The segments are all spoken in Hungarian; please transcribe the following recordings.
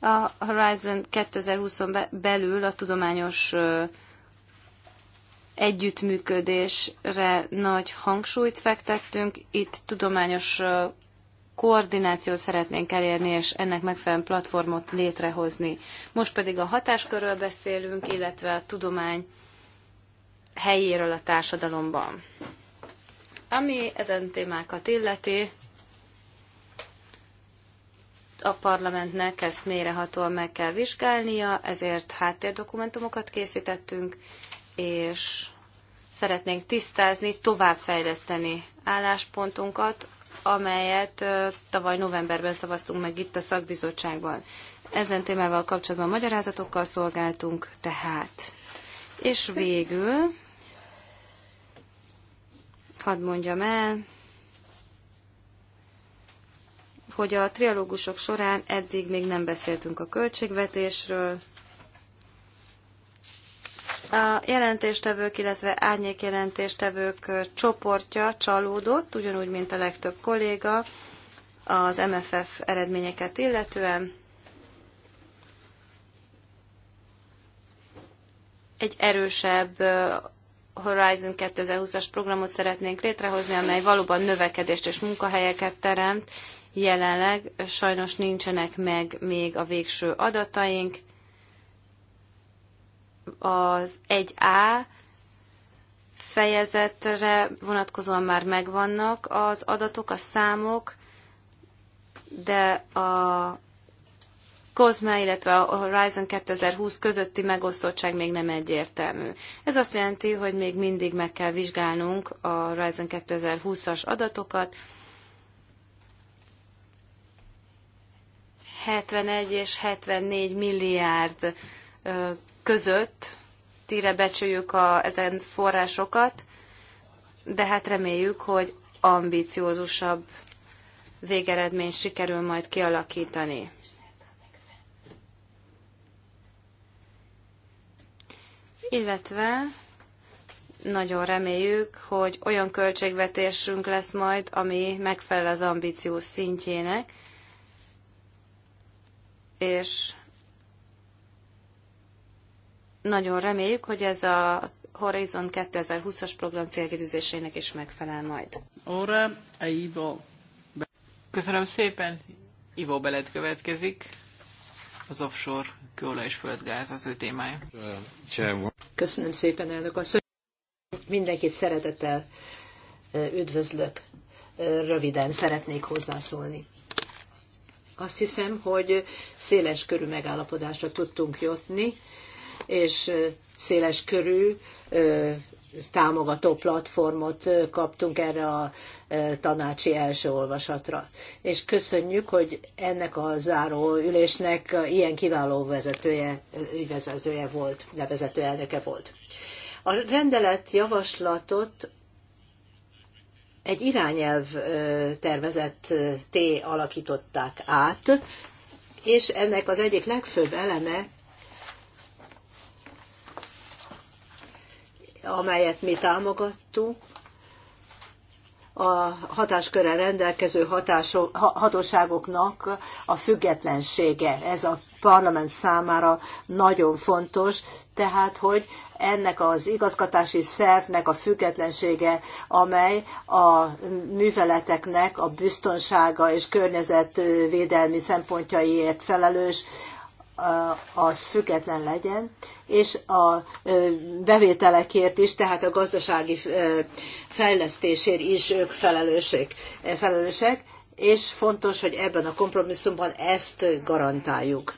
A Horizon 2020-on belül a tudományos együttműködésre nagy hangsúlyt fektettünk. Itt tudományos koordinációt szeretnénk elérni, és ennek megfelelően platformot létrehozni. Most pedig a hatáskörről beszélünk, illetve a tudomány helyéről a társadalomban. Ami ezen témákat illeti, a parlamentnek ezt mérehatóan meg kell vizsgálnia, ezért háttérdokumentumokat készítettünk, és szeretnénk tisztázni, továbbfejleszteni álláspontunkat, amelyet tavaly novemberben szavaztunk meg itt a szakbizottságban. Ezen témával kapcsolatban magyarázatokkal szolgáltunk, tehát. És végül, hadd mondjam el, hogy a trialógusok során eddig még nem beszéltünk a költségvetésről. A jelentéstevők, illetve árnyékjelentéstevők csoportja csalódott, ugyanúgy, mint a legtöbb kolléga az MFF eredményeket illetően. Egy erősebb Horizon 2020-as programot szeretnénk létrehozni, amely valóban növekedést és munkahelyeket teremt, Jelenleg sajnos nincsenek meg még a végső adataink. Az 1A fejezetre vonatkozóan már megvannak az adatok, a számok, de a COSME, illetve a Horizon 2020 közötti megosztottság még nem egyértelmű. Ez azt jelenti, hogy még mindig meg kell vizsgálnunk a Horizon 2020-as adatokat, 71 és 74 milliárd között tire becsüljük a, ezen forrásokat, de hát reméljük, hogy ambiciózusabb végeredmény sikerül majd kialakítani. Illetve nagyon reméljük, hogy olyan költségvetésünk lesz majd, ami megfelel az ambíció szintjének, és nagyon reméljük, hogy ez a Horizon 2020-as program célkitűzésének is megfelel majd. Óra, eh, Ivo. Köszönöm szépen. Ivo Belet következik. Az offshore kőolaj és földgáz az ő témája. Köszönöm szépen, elnök asszony. Mindenkit szeretettel eh, üdvözlök. Eh, röviden szeretnék hozzászólni. Azt hiszem, hogy széles körű megállapodásra tudtunk jutni, és széles körű támogató platformot kaptunk erre a tanácsi első olvasatra. És köszönjük, hogy ennek a záró ülésnek ilyen kiváló vezetője, ügyvezetője volt, nevezető elnöke volt. A rendelet javaslatot egy irányelv tervezett té alakították át, és ennek az egyik legfőbb eleme, amelyet mi támogattuk a hatásköre rendelkező hatások, hatóságoknak a függetlensége. Ez a parlament számára nagyon fontos, tehát hogy ennek az igazgatási szervnek a függetlensége, amely a műveleteknek a biztonsága és környezetvédelmi szempontjaiért felelős, az független legyen, és a bevételekért is, tehát a gazdasági fejlesztésért is ők felelősek, felelősek és fontos, hogy ebben a kompromisszumban ezt garantáljuk.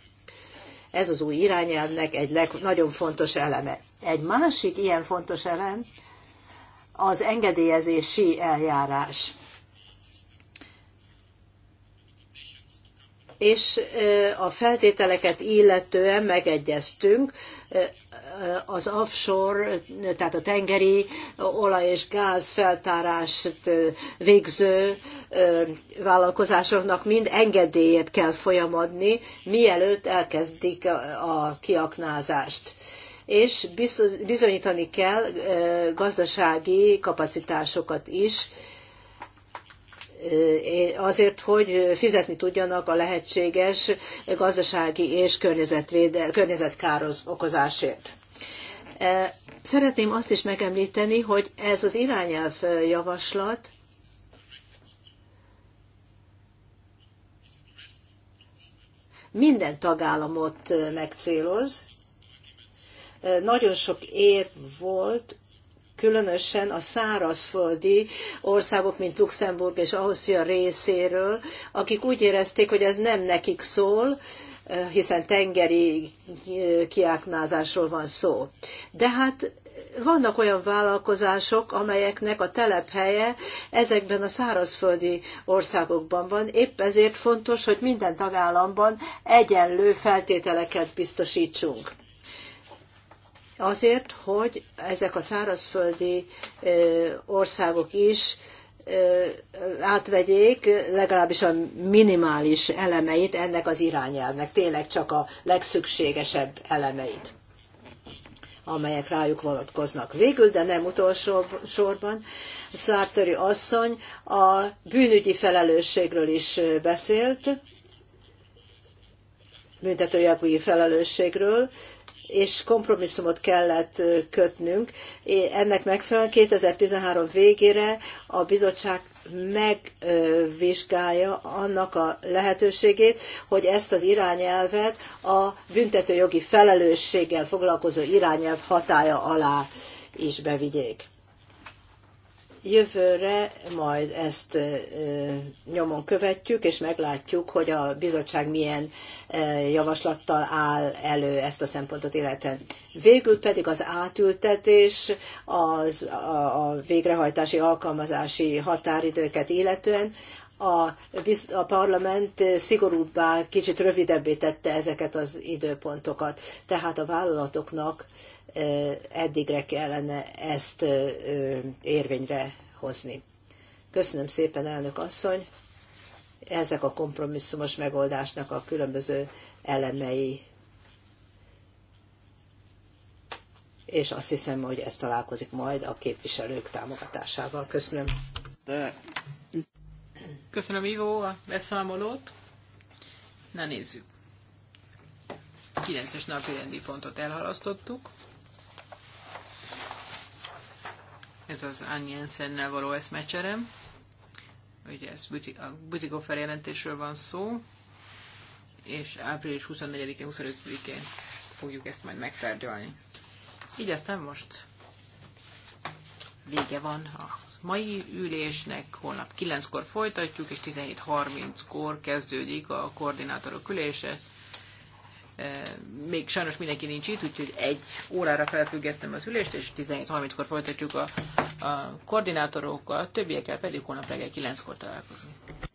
Ez az új irányelvnek egy leg, nagyon fontos eleme. Egy másik ilyen fontos elem az engedélyezési eljárás és a feltételeket illetően megegyeztünk az offshore, tehát a tengeri olaj és gáz feltárást végző vállalkozásoknak mind engedélyét kell folyamadni, mielőtt elkezdik a kiaknázást és bizonyítani kell gazdasági kapacitásokat is, Eh, azért, hogy fizetni tudjanak a lehetséges gazdasági és környezetkáros okozásért. Eh, szeretném azt is megemlíteni, hogy ez az irányelv javaslat minden tagállamot megcéloz. Eh, nagyon sok ér volt különösen a szárazföldi országok, mint Luxemburg és Ausztria részéről, akik úgy érezték, hogy ez nem nekik szól, hiszen tengeri eh, kiáknázásról van szó. De hát vannak olyan vállalkozások, amelyeknek a telephelye ezekben a szárazföldi országokban van. Épp ezért fontos, hogy minden tagállamban egyenlő feltételeket biztosítsunk azért, hogy ezek a szárazföldi országok is átvegyék legalábbis a minimális elemeit ennek az irányelvnek, tényleg csak a legszükségesebb elemeit amelyek rájuk vonatkoznak. Végül, de nem utolsó sorban, Szártöri asszony a bűnügyi felelősségről is beszélt, büntetőjogi felelősségről, és kompromisszumot kellett kötnünk. Ennek megfelelően 2013 végére a bizottság megvizsgálja annak a lehetőségét, hogy ezt az irányelvet a büntetőjogi felelősséggel foglalkozó irányelv hatája alá is bevigyék. Jövőre majd ezt nyomon követjük, és meglátjuk, hogy a bizottság milyen javaslattal áll elő ezt a szempontot illetően. Végül pedig az átültetés, az, a, a végrehajtási, alkalmazási határidőket illetően a, a parlament szigorúbbá, kicsit rövidebbé tette ezeket az időpontokat. Tehát a vállalatoknak eddigre kellene ezt érvényre hozni. Köszönöm szépen, elnök asszony! Ezek a kompromisszumos megoldásnak a különböző elemei. És azt hiszem, hogy ez találkozik majd a képviselők támogatásával. Köszönöm. De... Köszönöm Ivo a beszámolót. Na nézzük. 9-es napi rendi pontot elhalasztottuk. Ez az Anjensennel való eszmecserem. Ugye ez a Butikoffer jelentésről van szó, és április 24-én, 25-én fogjuk ezt majd megtárgyalni. Így aztán most vége van a mai ülésnek. Holnap 9-kor folytatjuk, és 17.30-kor kezdődik a koordinátorok ülése. E, még sajnos mindenki nincs itt, úgyhogy egy órára felfüggesztem az ülést, és 17.30-kor folytatjuk a, a koordinátorokkal, többiekkel pedig holnap reggel 9-kor találkozunk.